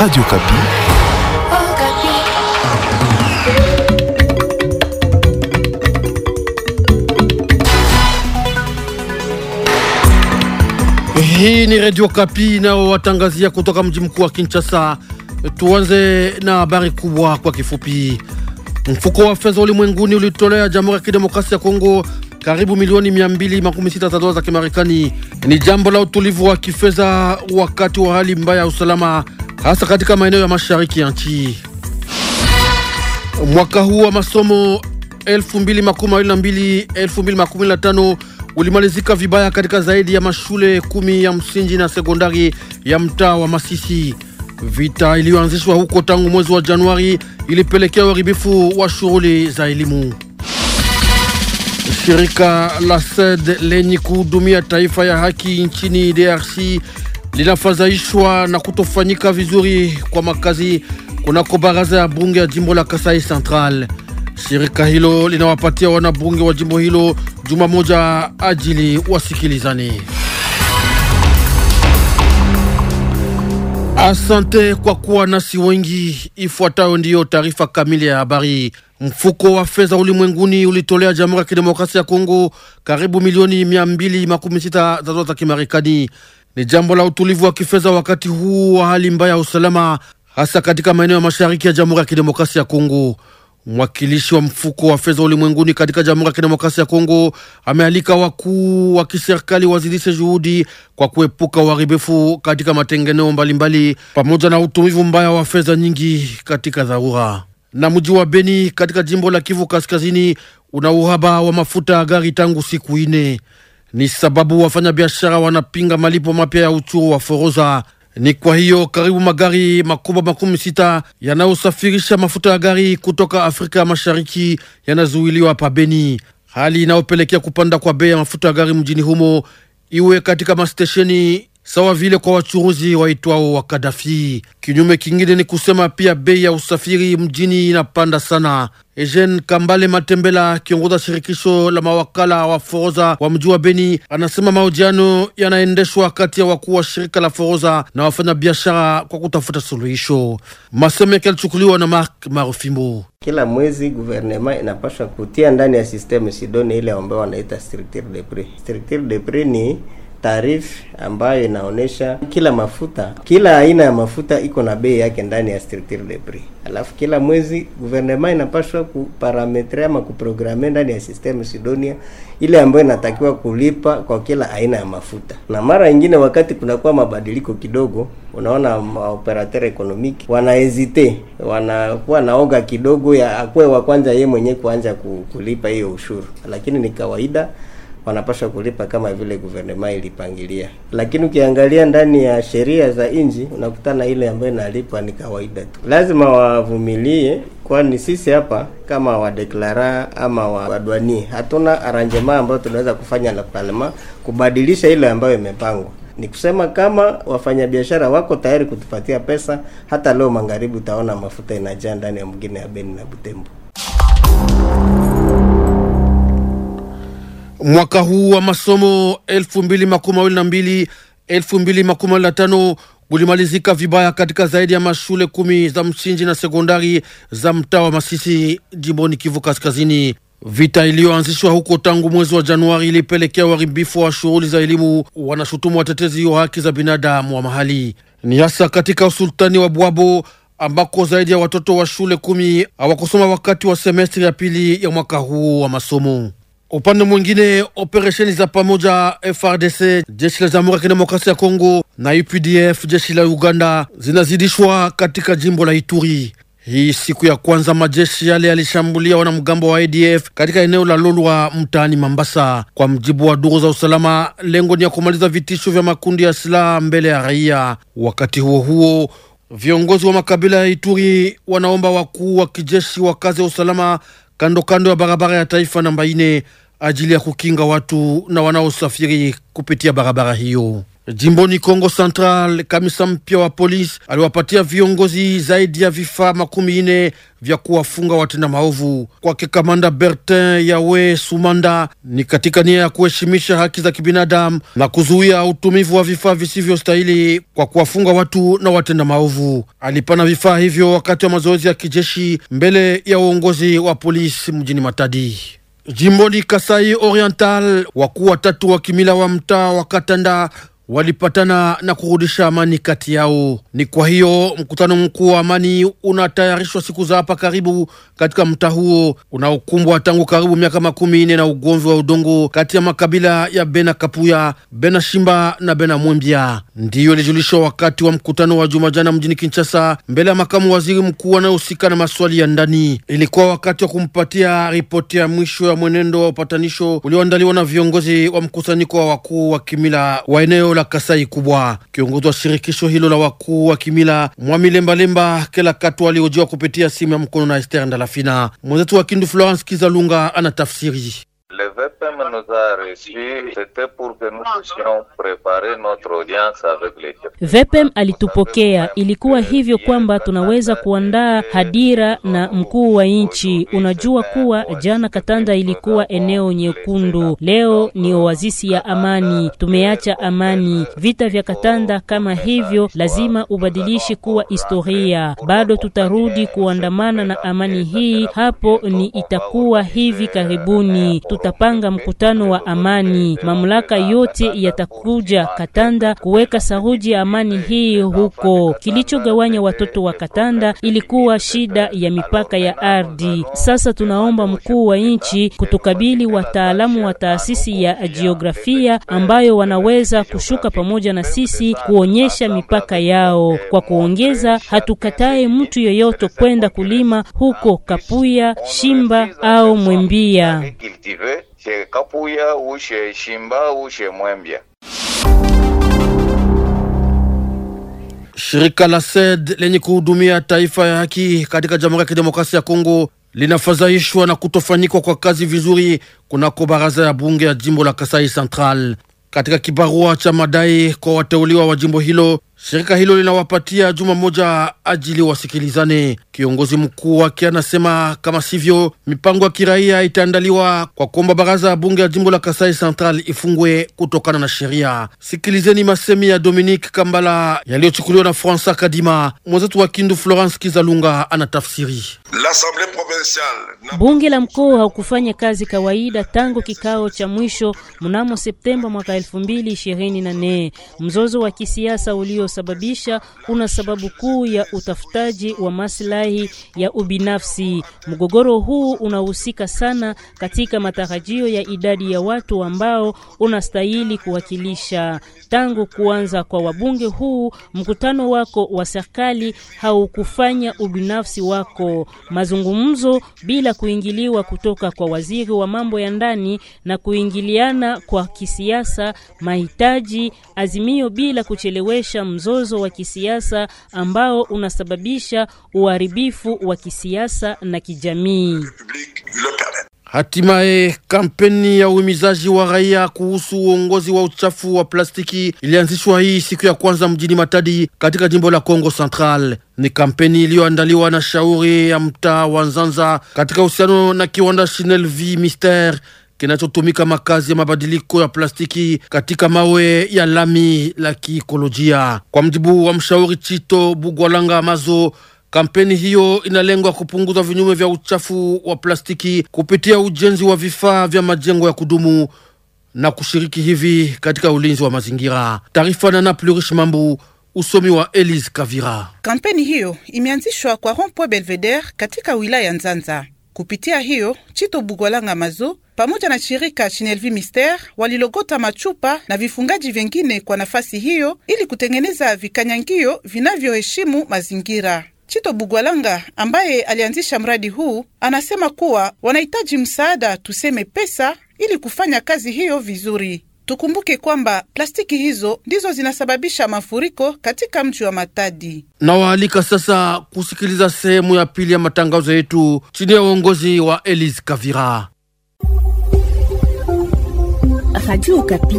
Radio Kapi. Hii ni Radio Kapi nao watangazia kutoka mji mkuu wa Kinshasa. Tuanze na habari kubwa kwa kifupi. Mfuko wa fedha ulimwenguni ulitolea Jamhuri ya Kidemokrasia ya Kongo karibu milioni 216 za dola za Kimarekani. Ni jambo la utulivu wa kifedha wakati wa hali mbaya ya usalama hasa katika maeneo ya mashariki ya nchi. Mwaka huu wa masomo 2022 2015 ulimalizika vibaya katika zaidi ya mashule kumi ya msingi na sekondari ya mtaa wa Masisi. Vita iliyoanzishwa huko tangu mwezi wa Januari ilipelekea uharibifu wa shughuli za elimu. Shirika la SED lenye kuhudumia taifa ya haki nchini DRC linafadhaishwa na kutofanyika vizuri kwa makazi kunako baraza ya bunge ya jimbo la Kasai Central. Shirika hilo linawapatia wanabunge wa jimbo hilo juma moja ajili wasikilizane. Asante kwa kuwa nasi wengi. Ifuatayo ndiyo taarifa kamili ya habari. Mfuko wa fedha ulimwenguni ulitolea Jamhuri ya Kidemokrasia ya Kongo karibu milioni mia mbili makumi sita za dola za Kimarekani ni jambo la utulivu wa kifedha wakati huu wa hali mbaya ya usalama, hasa katika maeneo ya mashariki ya Jamhuri ya Kidemokrasia ya Kongo. Mwakilishi wa mfuko wa fedha ulimwenguni katika Jamhuri ya Kidemokrasia ya Kongo amealika wakuu wa kiserikali wazidishe juhudi kwa kuepuka uharibifu katika matengeneo mbalimbali pamoja na utumivu mbaya wa fedha nyingi katika dharura. Na mji wa Beni katika jimbo la Kivu Kaskazini una uhaba wa mafuta ya gari tangu siku ine ni sababu wafanyabiashara wanapinga malipo mapya ya uchuru wa foroza. Ni kwa hiyo karibu magari makubwa makumi sita yanayosafirisha mafuta ya gari kutoka Afrika ya Mashariki yanazuiliwa pabeni, hali inayopelekea kupanda kwa bei ya mafuta ya gari mjini humo, iwe katika mastesheni sawa vile kwa wachuruzi waitwao wa Kadafi. Kinyume kingine ni kusema pia bei ya usafiri mjini inapanda sana. Ejen Kambale Matembela, kiongoza shirikisho la mawakala wa foroza wa mji wa Beni, anasema mahojiano yanaendeshwa kati ya wakuu wa shirika la foroza na wafanya biashara kwa kutafuta suluhisho. yake yalichukuliwa na Mark Marufimbo. Kila mwezi guvernema inapashwa kutia ndani ya sistemu Sidoni ile ambayo wanaita structure de prix. Structure de prix ni taarifa ambayo inaonyesha kila mafuta, kila aina ya mafuta iko na bei yake ndani ya structure de prix. Alafu kila mwezi guvernema inapaswa kuparametre ama kuprograme ndani ya system Sidonia ile ambayo inatakiwa kulipa kwa kila aina ya mafuta. Na mara nyingine wakati kunakuwa mabadiliko kidogo, unaona operateur economic wanahesite, wanakuwa naoga kidogo ya akwe wa kwanza yeye mwenyewe kuanza kulipa hiyo ushuru, lakini ni kawaida wanapaswa kulipa kama vile guvernema ilipangilia. Lakini ukiangalia ndani ya sheria za nchi unakutana ile ambayo inalipa ni kawaida tu, lazima wavumilie, kwani sisi hapa kama wadeklara ama wadwani hatuna aranjema ambayo tunaweza kufanya na parlema kubadilisha ile ambayo imepangwa ni kusema kama wafanyabiashara wako tayari kutupatia pesa. Hata leo magharibi utaona mafuta inajaa ndani ya mgine ya Beni na Butembo. mwaka huu wa masomo 2022 2025 ulimalizika vibaya katika zaidi ya mashule kumi za msingi na sekondari za mtaa wa Masisi jimboni Kivu Kaskazini. Vita iliyoanzishwa huko tangu mwezi wa Januari ilipelekea uharibifu wa shughuli za elimu, wanashutumu watetezi wa haki za binadamu wa mahali, ni hasa katika usultani wa Bwabo ambako zaidi ya watoto wa shule kumi hawakusoma wakati wa semestri ya pili ya mwaka huu wa masomo. Upande mwingine operesheni za pamoja FRDC, jeshi la Jamhuri ya Kidemokrasia ya Kongo na UPDF, jeshi la Uganda zinazidishwa katika jimbo la Ituri. Hii siku ya kwanza majeshi yale yalishambulia wanamgambo wa ADF katika eneo la Lolwa mtaani Mambasa. Kwa mjibu wa duru za usalama, lengo ni ya kumaliza vitisho vya makundi ya silaha mbele ya raia. Wakati huo huo, viongozi wa makabila ya Ituri wanaomba wakuu wa kijeshi wakaze usalama kando kando ya barabara ya taifa namba ajili ya kukinga watu na wanaosafiri kupitia barabara hiyo. Jimboni Kongo Central, kamisa mpya wa polisi aliwapatia viongozi zaidi ya vifaa makumi nne vya kuwafunga watenda maovu. Kwake kamanda Bertin Yawe Sumanda, ni katika nia ya kuheshimisha haki za kibinadamu na kuzuia utumivu wa vifaa visivyostahili kwa kuwafunga watu na watenda maovu. Alipana vifaa hivyo wakati wa mazoezi ya kijeshi mbele ya uongozi wa polisi mjini Matadi. Jimboni Kasai Oriental, wakuu watatu wa kimila wa mtaa wa Katanda walipatana na kurudisha amani kati yao. Ni kwa hiyo mkutano mkuu wa amani unatayarishwa siku za hapa karibu katika mtaa huo unaokumbwa tangu karibu miaka makumi nne na ugomvi wa udongo kati ya makabila ya Bena Kapuya, Bena Shimba na Bena Mwembia. Ndiyo ilijulishwa wakati wa mkutano wa Jumajana mjini Kinshasa, mbele ya makamu waziri mkuu anayehusika na maswali ya ndani. Ilikuwa wakati wa kumpatia ripoti ya mwisho ya mwenendo wa upatanisho ulioandaliwa na viongozi wa mkusanyiko wa wakuu wa kimila wa eneo la Kasai Kubwa. Kiongozi wa shirikisho hilo la wakuu wa kimila Mwami Lembalemba Kela Katu aliojiwa kupitia simu ya mkono na Ester Ndalafina. Mwenzetu wa Kindu Florence Kizalunga anatafsiri nous a reçus, c'était pour que nous puissions préparer notre audience avec les VEPEM alitupokea, ilikuwa hivyo kwamba tunaweza kuandaa hadira na mkuu wa nchi. Unajua kuwa jana Katanda ilikuwa eneo nyekundu, leo ni oazisi ya amani. Tumeacha amani. Vita vya Katanda kama hivyo lazima ubadilishi kuwa historia. Bado tutarudi kuandamana na amani hii, hapo ni itakuwa hivi karibuni. Tutapanga mkutano mkutano wa amani. Mamlaka yote yatakuja Katanda kuweka saruji ya amani hii huko. Kilichogawanya watoto wa Katanda ilikuwa shida ya mipaka ya ardhi. Sasa tunaomba mkuu wa nchi kutukabili wataalamu wa taasisi ya jiografia ambayo wanaweza kushuka pamoja na sisi kuonyesha mipaka yao. Kwa kuongeza, hatukatae mtu yoyote kwenda kulima huko Kapuya, Shimba au Mwembia she kapuya ushe shimba ushe Shirika la SED lenye kuhudumia taifa ya haki katika Jamhuri ya Kidemokrasia ya Kongo linafadhaishwa na kutofanyikwa kwa kazi vizuri kunako baraza ya bunge ya jimbo la Kasai Central. Katika kibarua cha madai kwa wateuliwa wa jimbo hilo, shirika hilo linawapatia juma moja ajili wasikilizane. Kiongozi mkuu wake anasema kama sivyo, mipango ya kiraia itaandaliwa kwa kuomba baraza ya bunge ya jimbo la Kasai Central ifungwe kutokana na sheria. Sikilizeni masemi ya Dominique Kambala yaliyochukuliwa na Franca Kadima. Mwenzetu wa Kindu Florence Kizalunga anatafsiri. Bunge la mkoa haukufanya kazi kawaida tangu kikao cha mwisho mnamo Septemba mwaka 2024. Mzozo wa kisiasa uliosababisha una sababu kuu ya utafutaji wa maslahi maslahi ya ubinafsi. Mgogoro huu unahusika sana katika matarajio ya idadi ya watu ambao unastahili kuwakilisha. Tangu kuanza kwa wabunge huu, mkutano wako wa serikali haukufanya ubinafsi wako. Mazungumzo bila kuingiliwa kutoka kwa waziri wa mambo ya ndani na kuingiliana kwa kisiasa, mahitaji, azimio bila kuchelewesha mzozo wa kisiasa ambao unasababisha uharibifu uharibifu wa kisiasa na kijamii. Hatimaye kampeni ya uhimizaji wa raia kuhusu uongozi wa uchafu wa plastiki ilianzishwa hii siku ya kwanza mjini Matadi katika jimbo la Kongo Central. Ni kampeni iliyoandaliwa na shauri ya mtaa wa Nzanza katika uhusiano na kiwanda V Mister kinachotumika makazi ya mabadiliko ya plastiki katika mawe ya lami la kiikolojia. Kwa mjibu wa mshauri Chito Bugwalanga Mazo, Kampeni hiyo inalengwa kupunguza vinyume vya uchafu wa plastiki kupitia ujenzi wa vifaa vya majengo ya kudumu na kushiriki hivi katika ulinzi wa mazingira. Taarifa na Naplurish Mambu. Usomi wa Elise Kavira. Kampeni hiyo imeanzishwa kwa Rompo Belvedere katika wilaya ya Nzanza. Kupitia hiyo Chito Bugwalanga Mazu pamoja na shirika Chinelvi Mister walilogota machupa na vifungaji vyengine kwa nafasi hiyo ili kutengeneza vikanyangio vinavyoheshimu mazingira. Chito Bugwalanga ambaye alianzisha mradi huu anasema kuwa wanahitaji msaada, tuseme pesa, ili kufanya kazi hiyo vizuri. Tukumbuke kwamba plastiki hizo ndizo zinasababisha mafuriko katika mji wa Matadi. Nawaalika sasa kusikiliza sehemu ya pili ya matangazo yetu chini ya uongozi wa Elise Kavira. Radio Okapi,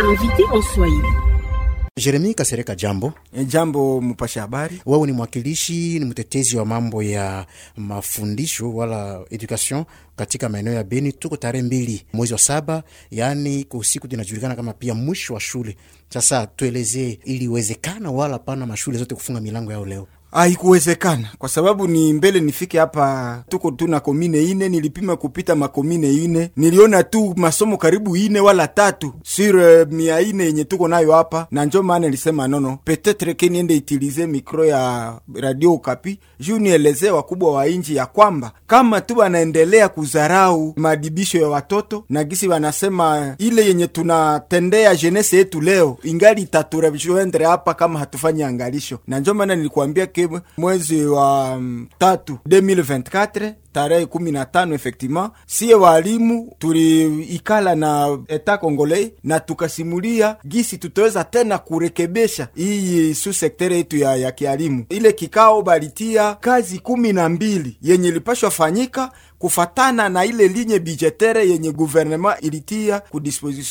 invité en Swahili. Jeremi Kasereka, jambo. Eh, jambo mpasha habari. Wewe ni mwakilishi, ni mtetezi wa mambo ya mafundisho wala education katika maeneo ya Beni. Tuko tarehe mbili mwezi wa saba, yaani kusiku inajulikana kama pia mwisho wa shule. Sasa tuelezee, iliwezekana wala pana mashule zote kufunga milango yao leo? Haikuwezekana kwa sababu ni mbele nifike hapa, tuko tu na komine ine, nilipima kupita makomine ine, niliona tu masomo karibu ine wala tatu sur eh, mia ine yenye tuko nayo hapa, na njo maana nilisema nono, petetre ke niende itilize mikro ya radio Ukapi juu nielezee wakubwa wa inji ya kwamba kama tu wanaendelea kuzarau madibisho ya watoto na gisi wanasema ile yenye tunatendea jenese yetu leo ingali itaturevendre hapa kama hatufanyi angalisho, na njo maana nilikuambia Kivu mwezi wa um, tatu 2024 tarehe kumi na tano efektima siye walimu tuliikala na eta Kongolei na tukasimulia gisi tutaweza tena kurekebesha iyi su sektere yetu ya, ya kialimu. Ile kikao balitia kazi kumi na mbili yenye lipashwa fanyika kufatana na ile linye bijetere yenye guvernema ilitia ku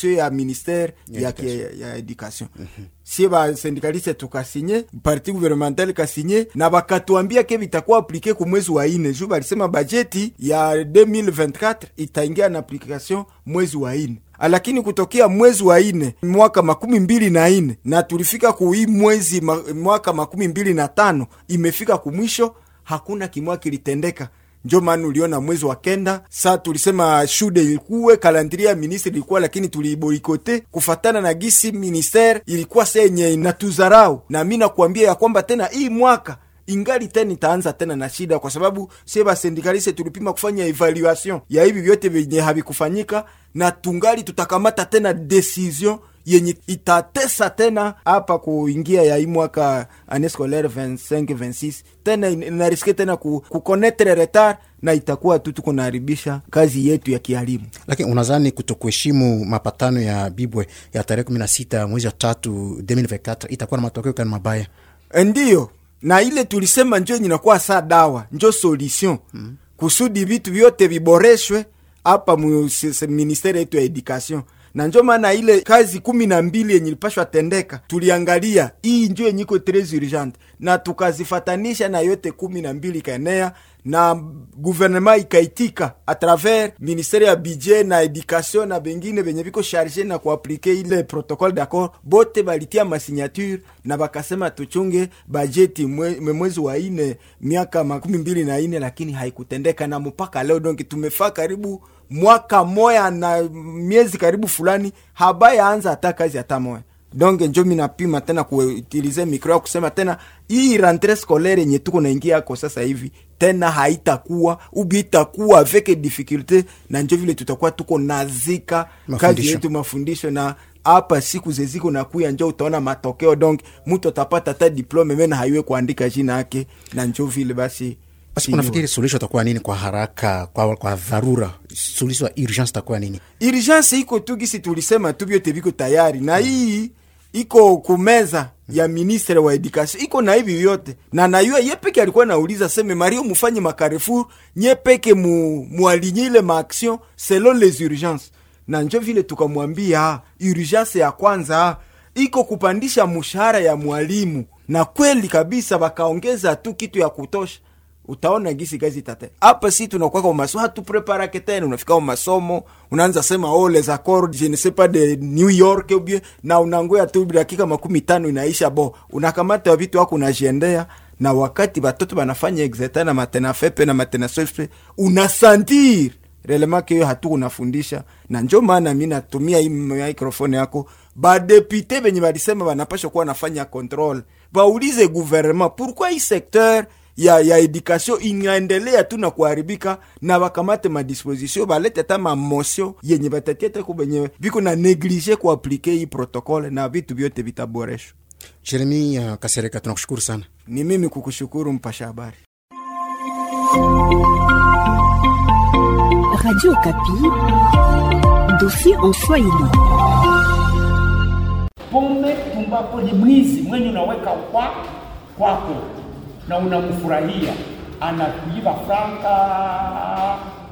ya ministere ya, ya, ya education mhm sie basendikaliste tukasinye parti gouvernementale kasinye na bakatuambia ke bitakuwa aplike ku mwezi wa ine juu balisema bajeti ya 2024 itaingia na application mwezi wa ine ah, lakini kutokea mwezi wa ine mwaka makumi mbili na ine na tulifika kuhii mwezi mwaka makumi mbili na tano imefika kumwisho hakuna kimwa kilitendeka ndio maana uliona mwezi wa kenda saa tulisema shude ilikuwe kalandria ya ministre ilikuwa, lakini tuliiboikote kufatana na gisi ministere ilikuwa senye inatuzarau. Na mi nakuambia ya kwamba tena hii mwaka ingali tena itaanza tena na shida, kwa sababu sie basendikaliste tulipima kufanya evaluation ya hivi vyote vyenye havikufanyika, na tungali tutakamata tena decision yenye itatesa tena hapa kuingia ya hii mwaka annee scolaire 25 26 tena inariske tena ku, kukonetre retard na itakuwa tu tuko kazi yetu ya kialimu. Lakini unazani kutokuheshimu mapatano ya Bibwe ya tarehe 16 mwezi wa tatu 2024 itakuwa na matokeo kani mabaya? Eh, ndiyo, na ile tulisema njo inakuwa saa dawa njo solution mm, kusudi vitu vyote viboreshwe hapa mu ministeri yetu ya education na njo maana ile kazi kumi na mbili yenye ilipashwa tendeka tuliangalia hii njo yenye iko tres urgente na tukazifatanisha na yote kumi na mbili kaenea na guvernema ikaitika a travers ministere ya budget na education na bengine benye biko sharge na kuaplike ile protocole d'accord, bote balitia masignature na bakasema tuchunge bajeti mwe, mwezi wa ine miaka makumi mbili na ine, lakini haikutendeka na mpaka leo donki tumefaa karibu mwaka moya na miezi karibu fulani habaya anza hata kazi hata moya donc njo minapima tena kuutilize mikro ya kusema tena hii rentre scolaire yenye tuko naingia yako sasa hivi tena haitakuwa ubi itakuwa veke difikulte na njo vile tutakuwa tuko nazika kazi yetu mafundisho na hapa siku zeziko na kuya njo utaona matokeo. Donc mtu atapata hata diplome mena haiwe kuandika jina yake, na njo vile basi basi unafikiri suluhisho itakuwa nini kwa haraka, kwa, kwa dharura? Suluhisho ya urgence itakuwa nini? Urgence iko tu gisi tulisema tu, vyote viko tayari na hmm. hii hmm iko kumeza ya ministre wa education iko na hivi vyote, na nayua ye peke alikuwa nauliza seme mario mufanye makarefur nye peke mu, mualinyile maaction selon les urgences na njo vile tukamwambia urgence ya kwanza iko kupandisha mshahara ya mwalimu na kweli kabisa bakaongeza tu kitu ya kutosha utaona gisi kazi tate hapa, si tunakuwa kwa masomo hatupreparake tena, unafika kwa masomo unaanza sema oh les accords je ne sais pas de New York ou bien, na unangoya tu dakika makumi tano inaisha, bo unakamata vitu wako unajiendea, na wakati batoto banafanya exeta na matena fepe na matena sofe, unasantir relema keyo hatu unafundisha, na njo maana mi natumia hii microphone yako ba badepute benye balisema banapasha kuwa nafanya control, baulize gouvernement pourquoi hii secteur ya, ya edukasio inaendelea tu na kuharibika, na wakamate madispositio balete ta mamosio yenye batatia teku benye viko na neglige kuaplike hii protokole na vitu vyote vitaboreshwa. Jeremia uh, Kasereka, tunakushukuru sana. Ni mimi kukushukuru mpasha habari Radio Kapi, dossier en Swahili. Pombe tumbapo ni mwizi mwenye unaweka kwa kwako na unamfurahia, anakuiba franka,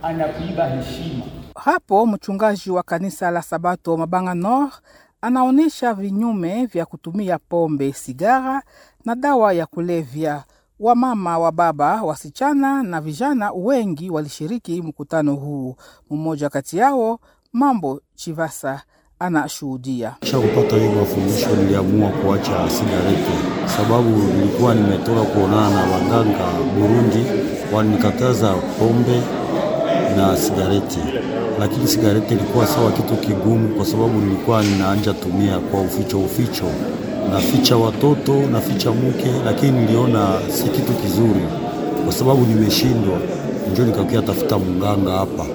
anakuiba heshima. Hapo mchungaji wa kanisa la Sabato Mabanga Nord anaonyesha vinyume vya kutumia pombe, sigara na dawa ya kulevya. Wamama, wa baba, wasichana na vijana wengi walishiriki mkutano huu. Mmoja kati yao Mambo Chivasa anashuhudia. Kisha kupata hiyo mafundisho, niliamua kuacha sigareti sababu nilikuwa nimetoka kuonana na waganga Burundi, wanikataza pombe na sigareti, lakini sigareti ilikuwa sawa kitu kigumu, kwa sababu nilikuwa ninaanja tumia kwa uficho uficho, naficha watoto naficha mke, lakini niliona si kitu kizuri, kwa sababu nimeshindwa, njo nikakia tafuta mganga hapa,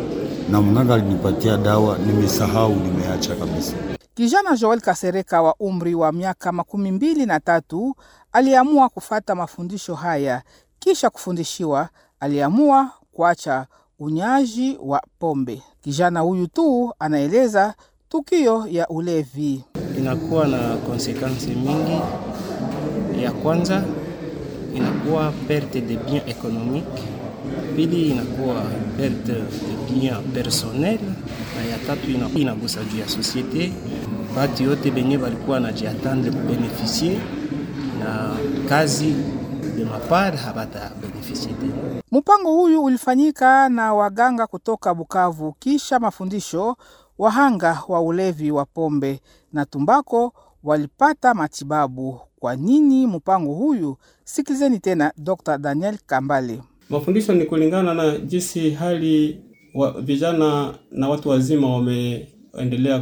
na mganga alinipatia dawa, nimesahau, nimeacha kabisa. Kijana Joel Kasereka wa umri wa miaka makumi mbili na tatu aliamua kufata mafundisho haya. Kisha kufundishiwa, aliamua kuacha unyaji wa pombe. Kijana huyu tu anaeleza tukio ya ulevi inakuwa na konsekansi mingi. Ya kwanza inakuwa perte de bien economique, pili inakuwa perte de bien personnel, na ya tatu inagusa juu ya societe batu yote benye balikuwa najiatendre kubenefisie na kazi de mapar habata benefisie tena. Mpango huyu ulifanyika na waganga kutoka Bukavu kisha mafundisho. Wahanga wa ulevi wa pombe na tumbako walipata matibabu. Kwa nini mpango huyu? Sikilizeni tena Dr. Daniel Kambale. Mafundisho ni kulingana na jinsi hali wa vijana na watu wazima wame endelea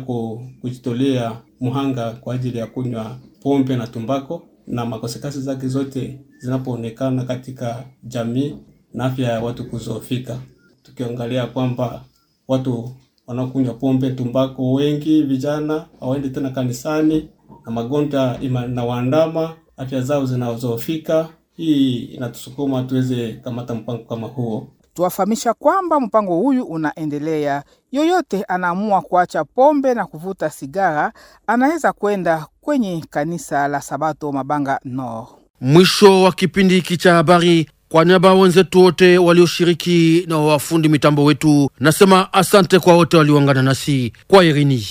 kujitolea muhanga kwa ajili ya kunywa pombe na tumbako, na makosekasi zake zote zinapoonekana katika jamii na afya ya watu kuzofika, tukiangalia kwamba watu wanaokunywa pombe tumbako wengi vijana hawaendi tena kanisani na magonjwa na waandama afya zao zinazofika. Hii inatusukuma tuweze kamata mpango kama huo tuwafahamisha kwamba mpango huyu unaendelea. Yoyote anaamua kuacha pombe na kuvuta sigara anaweza kwenda kwenye kanisa la Sabato Mabanga no. Mwisho wa kipindi hiki cha habari, kwa niaba wenzetu wote walioshiriki na wafundi mitambo wetu, nasema asante kwa wote walioungana nasi kwa Irini.